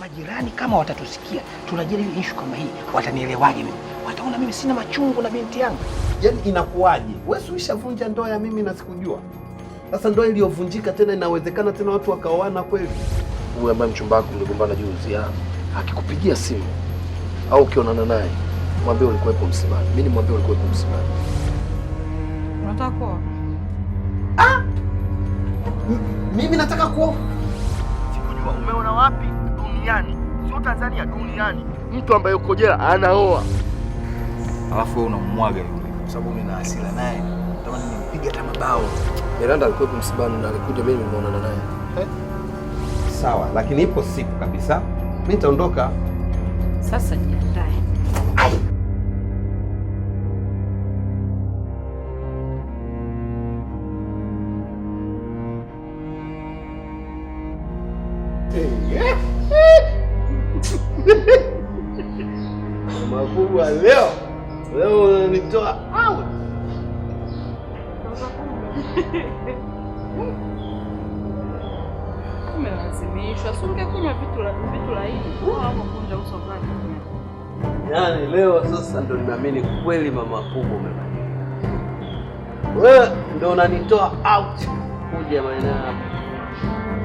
Majirani kama watatusikia tunajali issue kama hii, watanielewaje mimi? Wataona mimi sina machungu na binti yangu. yani inakuwaje? Wewe ulishavunja ndoa ya mimi na sikujua. Sasa ndoa iliyovunjika tena inawezekana tena watu wakaoana kweli? Huyu ambaye mchumba wako mligombana juzi ah, akikupigia simu au ukionana naye mwambie ulikuwepo msimani. Mimi nimwambie ulikuwepo msimani. Unataka kuoa? Ah! Mimi nataka kuoa. Sikujua umeona wapi? duniani, sio Tanzania, duniani, mtu ambaye uko jela anaoa, alafu wewe unamwaga yule, kwa sababu mimi na hasira naye, natamani nimpiga hata mabao. Miranda alikuwa msibani na alikuja, mimi nimeonana naye eh? Sawa, lakini ipo siku kabisa mimi nitaondoka sasa. Je, wa leo leo unanitoa out. Umelazimishwa, singekunywa vitu vitu laini hapo kunja Yaani leo sasa ndo nimeamini kweli mama kubwa umebadilika. Wewe ndo unanitoa out kuja maana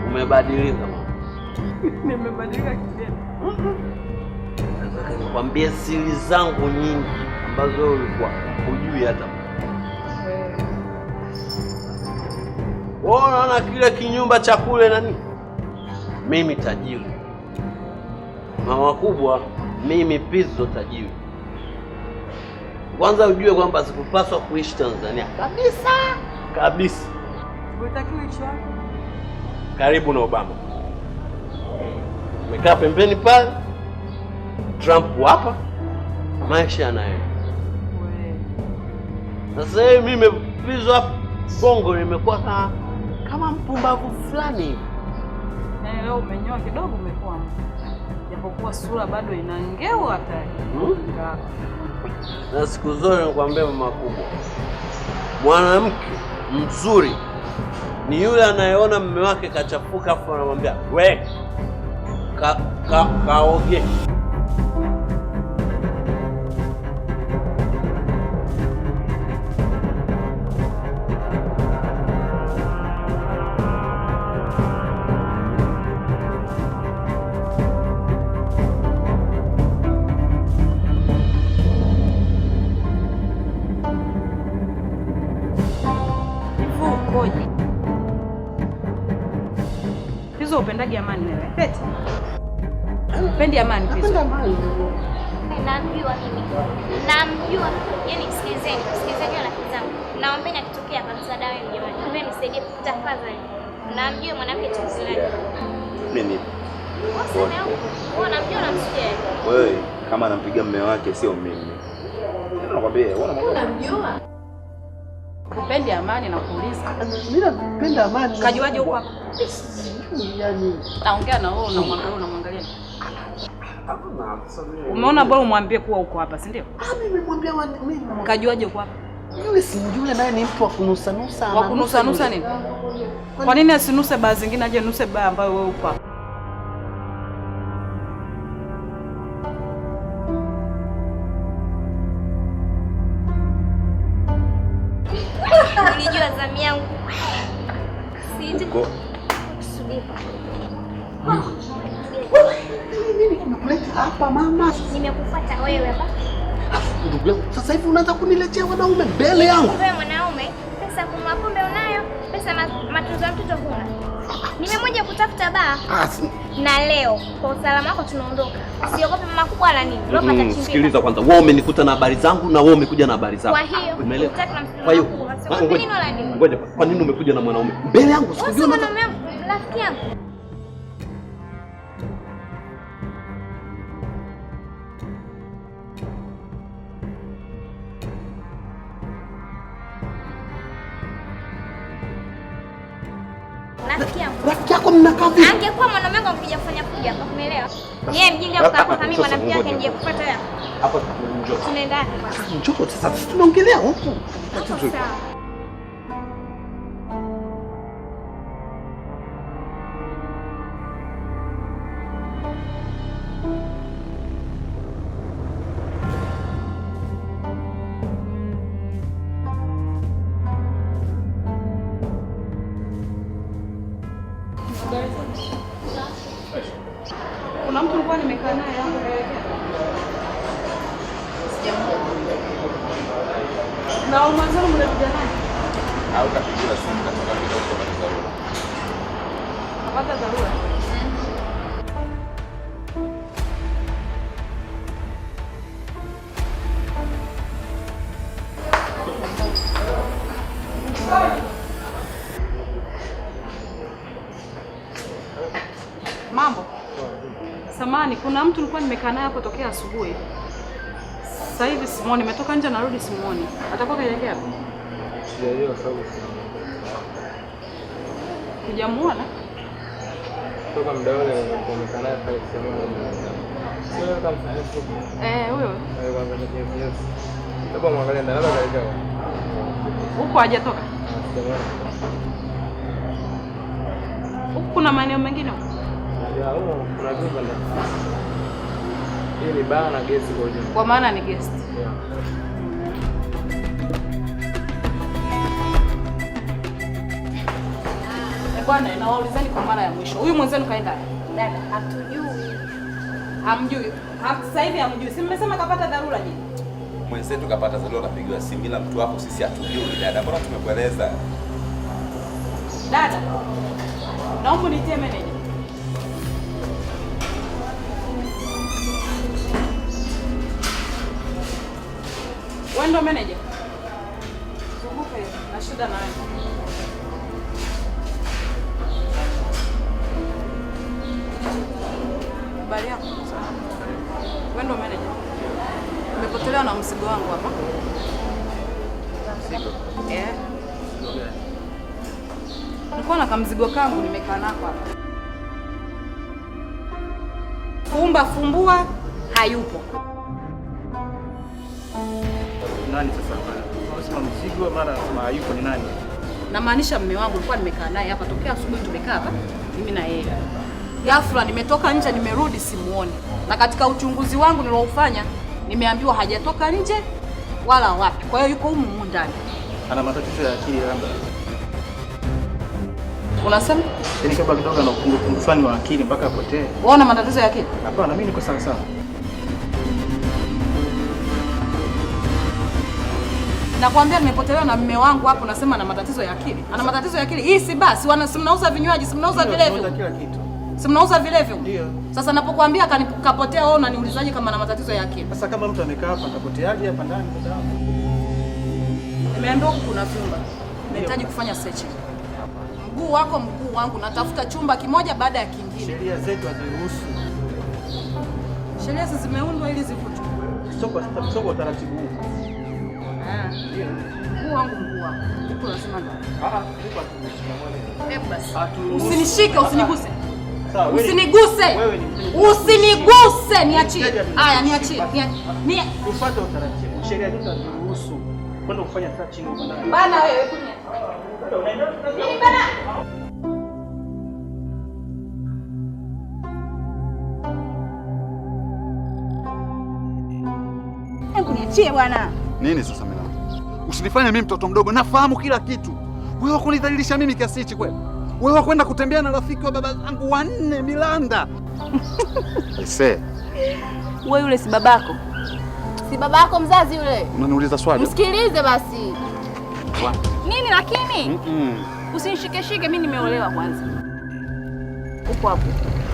Umebadilika mama. Nimebadilika kidogo nakwambia siri zangu nyingi ambazo wewe ulikuwa hujui hata. Wewe unaona kile kinyumba cha kule nani? Mimi tajiri, mama kubwa, mimi Pizzo tajiri. Kwanza ujue kwamba sikupaswa kuishi Tanzania kabisa kabisa. Karibu na Obama, umekaa pembeni pale Trump hapa maisha yanaye Sasa hivi mimi nimepizwa bongo, nimekuwa kama mpumbavu fulani. Leo umenyoa kidogo, umekuwa japokuwa sura bado inangeu hata. Na siku zote nakwambia mama kubwa, mwanamke mzuri ni yule anayeona mume wake kachafuka, afu anamwambia we ka, ka, kaoge Upendi amani pia. Napenda amani. Namjua mimi. Namjua. Yaani sikizeni, sikizeni rafiki zangu. Naombeni akitokea kwa msaada wenu jamani. Naomba nisaidie tafadhali. Namjua mwanamke chuzilani. Mimi. Waseme huko. Wewe unamjua msikia. Wewe kama anampiga mume wake sio mimi. Yaani nakwambia, wewe unamjua. Upendi amani na kuuliza. Ah, mimi napenda amani. Kajuaje huko hapa? Yaani naongea na wewe unamwangalia unamwangalia umeona bora umwambie kuwa uko hapa, si ndio? Ah, mimi nimemwambia mimi. Kajuaje uko hapa? Yule si yule naye ni mtu wa kunusanusa. Wa kunusanusa nini? Kwa nini asinuse baa zingine aje nuse baa ambayo wewe uko hapa? Nimechoka, nimekuja kutafuta baa ah, na leo. Kwa usalama wako tunaondoka, usiogope mama kubwa na nini. Mm, sikiliza kwanza, wewe umenikuta na habari zangu na wewe umekuja na habari zangu. Kwa hiyo ah, ngoja, kwa nini umekuja na mwanaume mbele yangu? Sijui rafiki yangu mnakaa vipi? Angekuwa mwanamume wangu angekuja kufanya kuja hapa, umeelewa? Yeye mjinga kwa hapa kama mwanamke wake nje kupata hapa. Hapo tunaenda. Njoo sasa tunaongelea huku. Sawa. 在哪呀？nimekaa naye hapo tokea asubuhi. Sasa hivi simuoni, nimetoka nje narudi simuoni. Atakuwa kaelekea hapo? Sijajua sababu. Hujamuona? Toka muda ule nimekaa naye pale simuoni. Eh, huyo. Labda mwangalie ndani labda kaelekea Huko hajatoka. Huko kuna maeneo mengine huko? Ya, huko kuna jumba hii ni baa na guest kwa ujumla. Kwa maana ni guest. Yeah. Bwana, nawaulizeni kwa mara ya mwisho, huyu mwenzenu kaenda? Dada, hatujui. Hamjui sasa hivi, hamjui? Si mmesema kapata dharura? Je, mwenzetu kapata dharura, napigiwa simu, ila mtu wako sisi hatujui. Dada, mbona tumekueleza? Dada, naomba nitie meneja Wewe ndo manager. Kumbuke na shida na nayo. Habari yako? Wewe ndo manager. Nimepotelewa na msigo wangu hapa. Msigo? Eh. Nilikuwa na kamzigo kangu nimekaa nako hapa. Fumba fumbua hayupo nani sasa? Unasema mzigo mara sema yuko ni nani? Namaanisha mume wangu, nilikuwa nimekaa naye hapa tokea asubuhi, tumekaa hapa mimi na yeye. Ghafla nimetoka nje, nimerudi simuone, na katika uchunguzi wangu nilioufanya nimeambiwa hajatoka nje wala wapi, kwa hiyo yuko humu ndani. Ana matatizo ya akili labda. Unasema? ni yaani kabla kidogo ana upungufu fulani wa akili mpaka apotee. Wewe una matatizo ya akili? Hapana, mimi niko sawa sawa. Nakwambia nimepotelewa na mume wangu hapo, nasema ana matatizo ya akili, ana matatizo ya akili. Hii si basi, si mnauza vinywaji, si mnauza vilevyo, si mnauza vilevyo. Sasa napokuambia kapotea, wewe unaniulizaje kama ana matatizo ya akili? Sasa kama mtu amekaa hapa, kapoteaje hapa ndani? Nimeambiwa huku kuna vyumba, nahitaji kufanya search. Mguu wako mguu wangu, natafuta chumba kimoja baada ya kingine. Sheria zetu haziruhusu, sheria zimeundwa ili zivutwe. Soko taratibu huu Usinishike, usiniguse, usiniguse, usiniguse, niachie. Haya, niachie. Ufuate utaratibu, sheria zetu kwenda kufanya searching bana. Wewe kuniachie bwana nini sasa? Usinifanye mimi mtoto mdogo, nafahamu kila kitu. Wewe kunidhalilisha mimi kiasi hichi kweli? Wewe kwenda kutembea na rafiki wa baba zangu wanne Milanda? Ese. Wewe yule si babako? Si babako mzazi yule? Unaniuliza swali? Msikilize basi. Wa? Nini lakini? Mm -mm. Usinishikeshike, mimi nimeolewa kwanza. Uko hapo.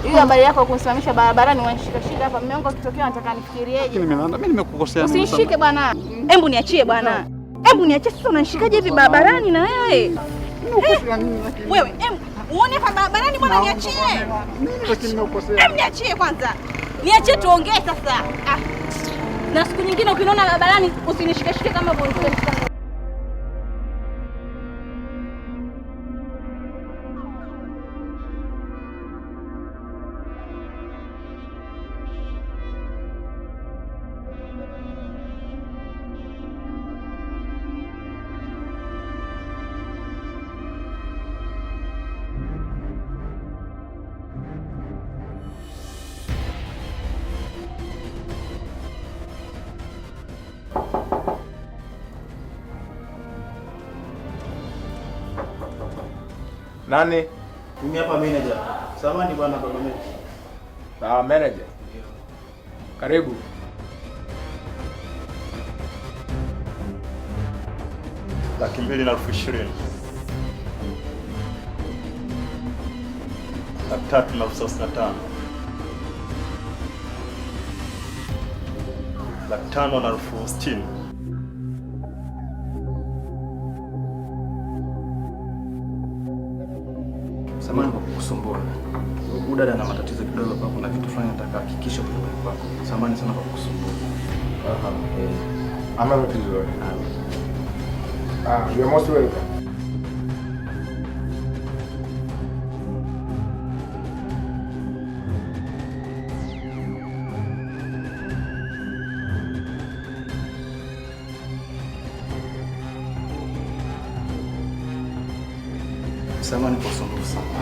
Hiyo habari yako kunisimamisha barabarani unanishikashika hapa, mmeongo kitokeo nataka nifikirieje? Mimi nimekukosea Usinishike bwana. Hebu niachie bwana. Hebu niache sasa, unanishikaje hivi barabarani na wewe? Wewe uone hapa barabarani bwana, niachie. Hebu niachie kwanza, niachie tuongee sasa. Ah, na siku nyingine ukiniona barabarani usinishikeshike kama bonzo. Nani? Mimi hapa manager. Samani bwana mimi. Sawa manager. Karibu. Laki mbili na elfu ishirini. Laki tatu na elfu thelathini na tano. Laki tano na elfu sitini. Samahani kwa kukusumbua. Huyu dada ana matatizo kidogo kwa kuna vitu fulani nataka hakikisha kwa kwako. Samahani sana kwa kukusumbua. Aha. Eh. Ama matatizo. Ah, ah you are most welcome.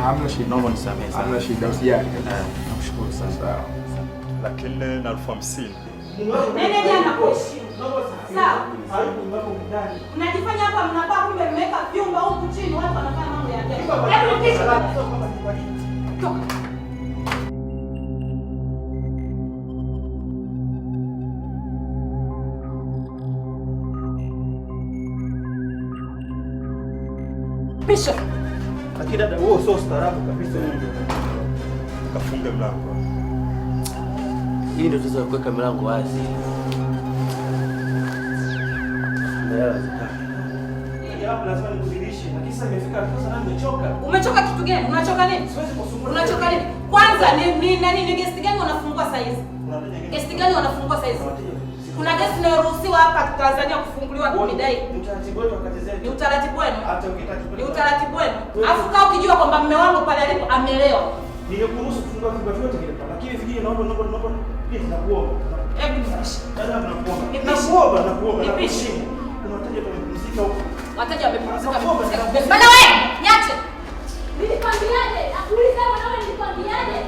Hamna shida. Naomba nisamehe sana. Hamna shida, usijali. Nakushukuru sana. Sawa. Laki nne na elfu hamsini. Meneja anakuheshimu. Sawa. Unajifanya hapa mnapaa, kumbe mmeweka vyumba huku chini, watu wanafanya mambo ya ajabu. Toka. Pisha. Lakini dada, wewe oh, sio staarabu kabisa. Kafunge mlango. Hii ndio tuweza kuweka mlango wazi. Umechoka kitu gani? Unachoka nini? Siwezi kusumbua. Unachoka nini? Kwanza ni nani ni guest gani wanafungua saizi? Guest gani wanafungua saizi? Kuna gesi inayoruhusiwa hapa Tanzania kufunguliwa midai. Ni utaratibu wenu. Ni utaratibu wenu. Alafu kama ukijua kwamba mume wangu pale alipo amelewa. Ningekuruhusu kufungua kibwa vyote vile, pale. Lakini vingine naomba naomba naomba please yaani nakuomba. Hebu nipishe. Dada nakuomba. Nakuomba nakuomba nakuomba. Kuna wateja wamepumzika huko. Wateja wamepumzika. Bana wewe, niache. Nilikwambiaje? Nakuuliza bana wewe nilikwambiaje?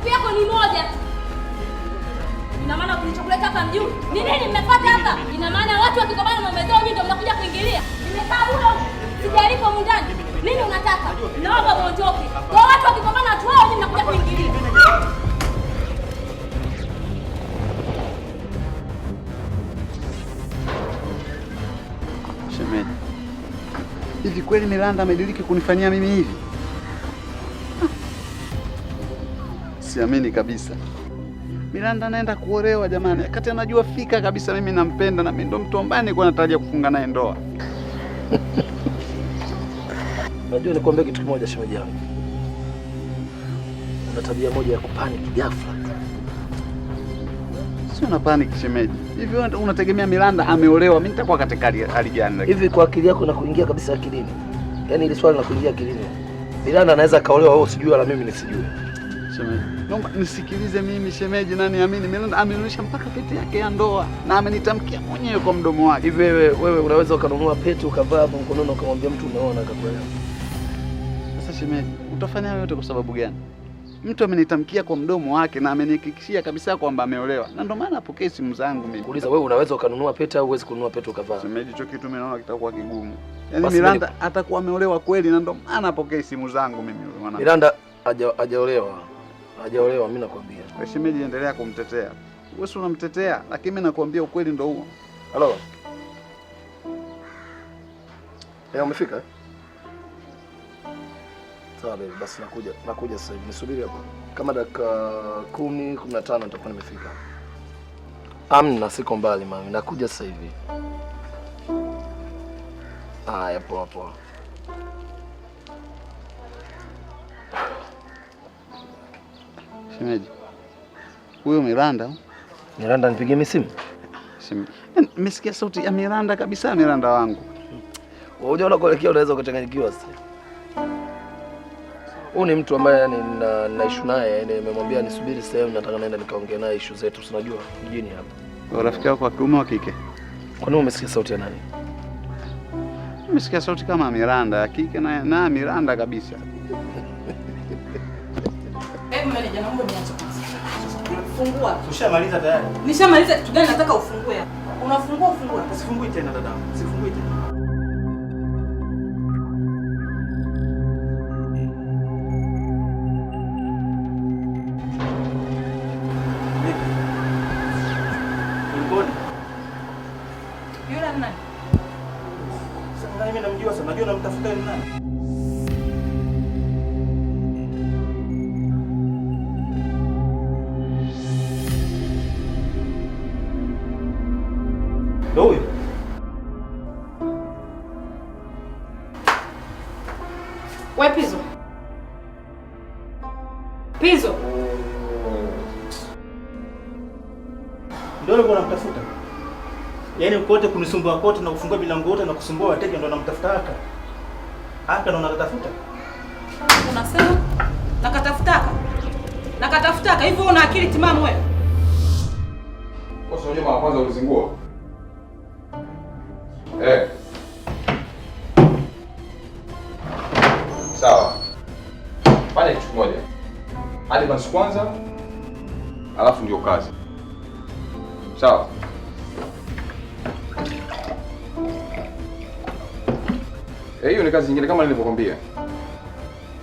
siku yako ni moja. Ina maana kilichokuleta hapa mjuu ni nini? Mmepata hapa, ina maana watu wakikomana ng'ombe zao ndio mnakuja kuingilia. Nimekaa huko sijalipo mundani, nini unataka? Naomba muondoke kwa watu wakikomana watu wao, mnakuja kuingilia Shemeji, hivi kweli Miranda amediriki kunifanyia mimi hivi? siamini kabisa. Miranda anaenda kuolewa jamani, wakati anajua fika kabisa mimi nampenda na mimi ndo mtu ambaye nilikuwa natarajia kufunga naye ndoa. Unajua, nikwambia kitu kimoja, shemeji yangu, una tabia moja ya kupanic ghafla Sio na panic shemeji. Hivi unategemea Miranda ameolewa, mimi nitakuwa katika hali gani? Hivi kwa akili yako na kuingia kabisa akilini, yaani ile swali la kuingia akilini, Miranda anaweza kaolewa, wewe usijue, la mimi nisijue, shemeji Naomba nisikilize mimi shemeji, na niamini Milanda amenirudisha mpaka pete yake ya ndoa na amenitamkia mwenyewe kwa mdomo wake. Hivi wewe wewe unaweza ukanunua pete ukavaa hapo mkononi ukamwambia mtu umeona akakuelewa? Sasa shemeji, utafanya yote kwa sababu gani? Mtu amenitamkia kwa mdomo wake na amenihakikishia kabisa kwamba ameolewa, na ndio maana apokee simu zangu mimi. Kuuliza wewe unaweza ukanunua pete au huwezi kununua pete ukavaa? Shemeji, hicho kitu mimi naona kitakuwa kigumu. Yaani Miranda atakuwa ameolewa kweli, na ndio maana apokee simu zangu mimi. Milanda hajaolewa hajaolewa. Mimi nakwambia heshimiji, endelea kumtetea wewe, si unamtetea, lakini mimi nakwambia ukweli ndio huo. Halo, eh, umefika? Sawa baby, basi nakuja, nakuja sasa hivi. Nisubiri hapo kama dakika kumi, kumi na tano nitakuwa nimefika. Amna, siko mbali mami, nakuja sasa hivi. Haya, poa poa. Shemeji, huyo Miranda, Miranda nipigie misimu. Eh, nimesikia sauti ya Miranda kabisa, Miranda wangu. Unajua unakoelekea unaweza ukachanganyikiwa sasa. Huyu ni mtu ambaye yani naishi naye, yani nimemwambia nisubiri sehemu, nataka naenda nikaongea naye issue zetu, si unajua mjini hapa. Wewe Rafiki yako wa kiume wa kike? Kwa nini umesikia sauti ya nani? Nimesikia sauti kama Miranda ya kike na, na Miranda kabisa meneja, naomba niache kwanza. Fungua. Ushamaliza tayari? Nishamaliza. Kitu gani nataka ufungue? hapa? Unafungua, ufungua. Usifungui tena dadangu. Usifungui tena. kulisumbua kote na kufungua milango yote na kusumbua wateja, ndio anamtafuta haka haka, ndio nakatafuta. Unasema nakatafuta haka, nakatafuta haka, hivyo una akili timamu wewe? Wewe unajua mara kwanza ulizingua eh? Sawa, Pale kitu kimoja, advance kwanza, alafu ndio kazi. Sawa. Eh, hiyo ni kazi nyingine kama nilivyokuambia.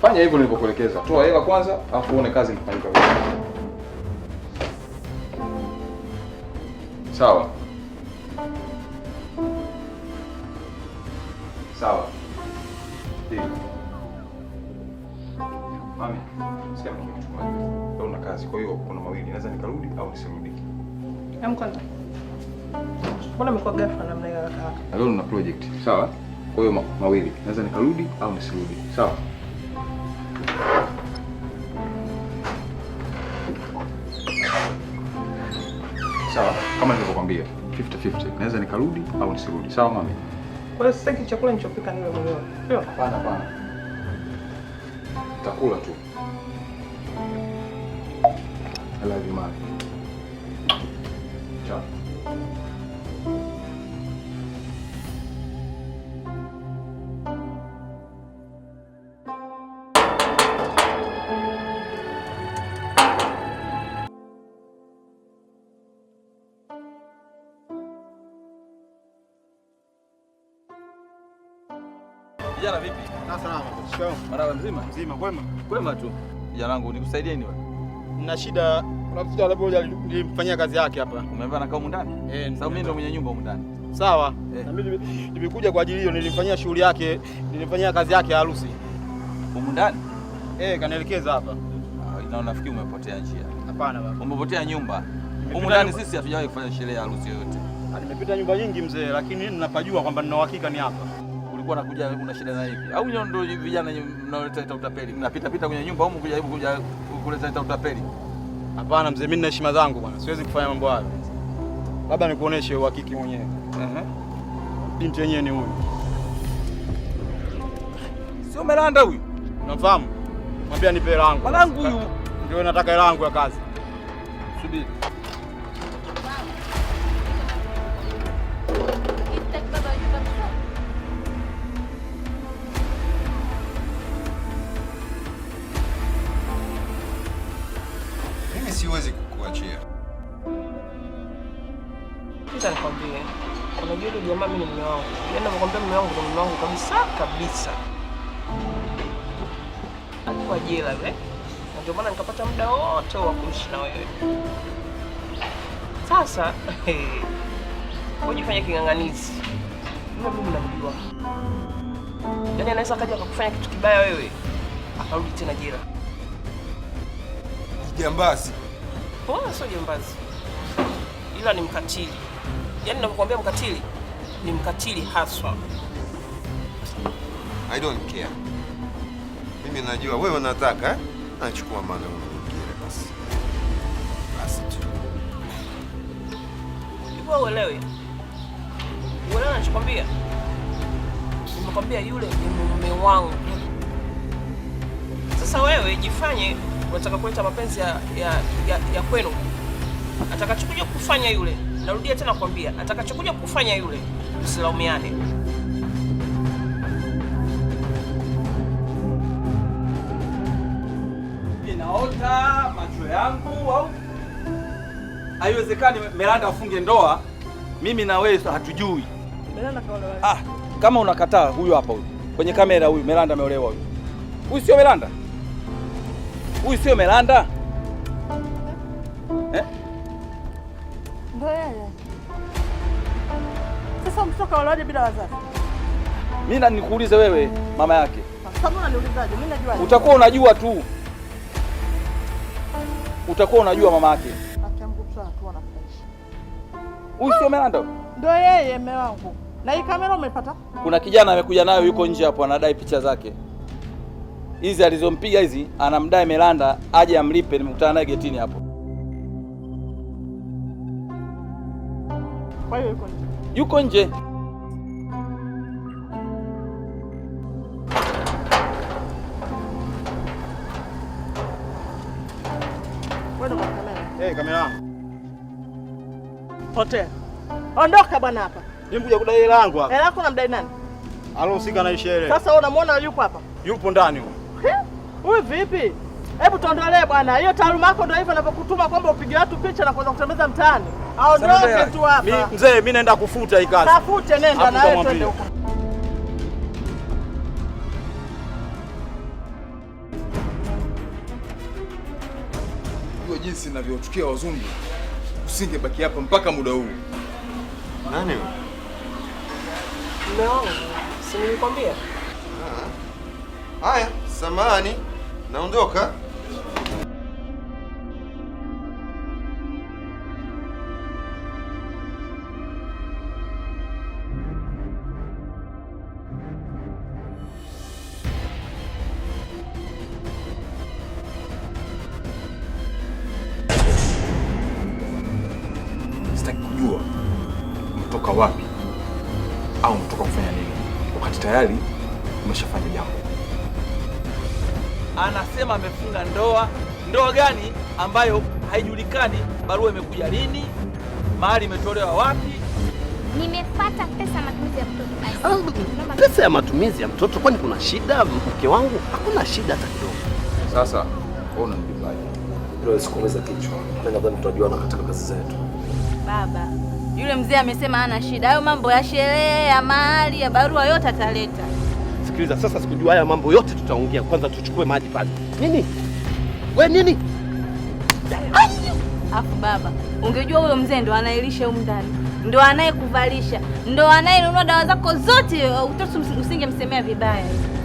Fanya hivyo nilivyokuelekeza. Toa hela kwanza, alafu uone kazi inafanyika vipi. Sawa. Sawa. Ndio. Mami, sema kitu kimoja. Una kazi, kwa hiyo kuna mawili, naweza nikarudi au nisirudi. Amkwanza. Mbona umekuwa ghafla namna hiyo Leo una project. Sawa. Kwa hiyo mawili, naweza nikarudi au nisirudi, sawa? Sawa, kama nilivyokuambia 50 50, naweza nikarudi au nisirudi, sawa mami? Kwa hiyo sasa hiki chakula nilichopika nile mwenyewe, sio? Hapana, hapana, Takula tu. I love you mami. Kijana vipi? Na ah, salama. Shikamoo. Marahaba mzima? Mzima. Kwema? Kwema tu. Kijana wangu nikusaidie nini wewe? Nina shida. Kuna mtu alipoja nilimfanyia kazi yake hapa. Umempa na huko ndani? Eh, sababu mimi ndio mwenye nyumba huko ndani. Sawa. Eh. Na mimi nimekuja kwa ajili hiyo, nilimfanyia shughuli yake, nilimfanyia kazi yake ya harusi. Huko ndani? Eh, kanielekeza hapa. Ah, na nafikiri umepotea njia? Hapana baba. Umepotea nyumba. Huko ndani sisi hatujawahi kufanya sherehe ya harusi yoyote. Ah, nimepita nyumba nyingi mzee, lakini ninapajua kwamba nina uhakika ni hapa huku anakuja kuna shida na hivi au nyo ndio vijana mnaoleta utapeli, mnapita pita kwenye nyumba huko kujaribu kuja kuleta utapeli? Hapana mzee, mimi na heshima zangu bwana, siwezi kufanya mambo hayo. Labda nikuoneshe uhakiki mwenyewe. Ehe, binti yenyewe ni huyu, sio Melanda huyu, Unafahamu? Mwambia nipe hela yangu. Mwanangu huyu ndio nataka, hela yangu ya kazi. Subiri. Jifanya king'ang'anizi, namjua yani anaweza akaja akakufanya kitu kibaya wewe akarudi tena jela. Jambazi wala sio jambazi, ila ni mkatili. Yaani nakukwambia, mkatili ni mkatili haswa. I don't care. Mimi najua wewe unataka, eh? nachukua mali Wewe uelewe. Uelewe nachokwambia Nimekwambia yule ni mume wangu. Sasa wewe jifanye unataka kuleta mapenzi ya, ya, ya, ya kwenu. Atakachokuja kufanya yule, narudia tena kukwambia, atakachokuja kufanya yule, usilaumiane. haiwezekani Meranda afunge ndoa, mimi na wewe hatujui. Melanda kaolewa. Ah, kama unakataa huyu hapa huyu kwenye kamera huyu Meranda ameolewa huyu. Huyu sio melanda Huyu sio Melanda? Eh? Sasa mtoto kaolewaje bila wazazi? Mimi nikuulize wewe mama yake. Sasa mbona niulizaje? Mimi najua. Utakuwa unajua tu. Utakuwa unajua mama yake. Huyu sio Melanda? Ndio yeye mume wangu. Na hii kamera umepata? Kuna kijana amekuja nayo yuko nje hapo anadai picha zake. Hizi alizompiga hizi anamdai Melanda aje amlipe, nimekutana naye getini hapo. Kwa hiyo yuko nje. Yuko nje. umepotea. Ondoka bwana hapa. Nimekuja kudai hela yangu hapa. Hela yako mdai nani? Alohusika na ishe ile. Sasa wewe unamwona yupo hapa? Yupo ndani huko. Huyu vipi? Hebu tuondolee bwana. Hiyo taaluma yako ndio hivyo inavyokutuma kwamba upige watu picha na kuanza kutembeza mtaani. Aondoke tu hapa. Mimi mzee, mimi naenda kufuta hii kazi. Tafute, nenda na wewe twende huko. jinsi ninavyochukia wazungu usingebaki hapa mpaka muda huu. Nani? wewe? No, si nilikwambia. Haya, samahani, naondoka. ambayo haijulikani barua imekuja lini, mahali imetolewa wapi. Nimepata pesa matumizi ya mtoto. Ah, pesa ya matumizi ya mtoto? Kwani kuna shida mke wangu? Hakuna shida hata kidogo. Sasa sikuweza kichwa, tutajuana katika kazi zetu. Baba yule mzee amesema hana shida, hayo mambo ya sherehe ya mahali ya barua yote ataleta. Sikiliza sasa, sikujua haya mambo yote tutaongea. Kwanza tuchukue maji pale. Nini we nini Afu baba, ungejua huyo mzee ndo anaelisha huko ndani, ndo anayekuvalisha, ndo anayenunua dawa zako zote, uh, utoto usingemsemea vibaya.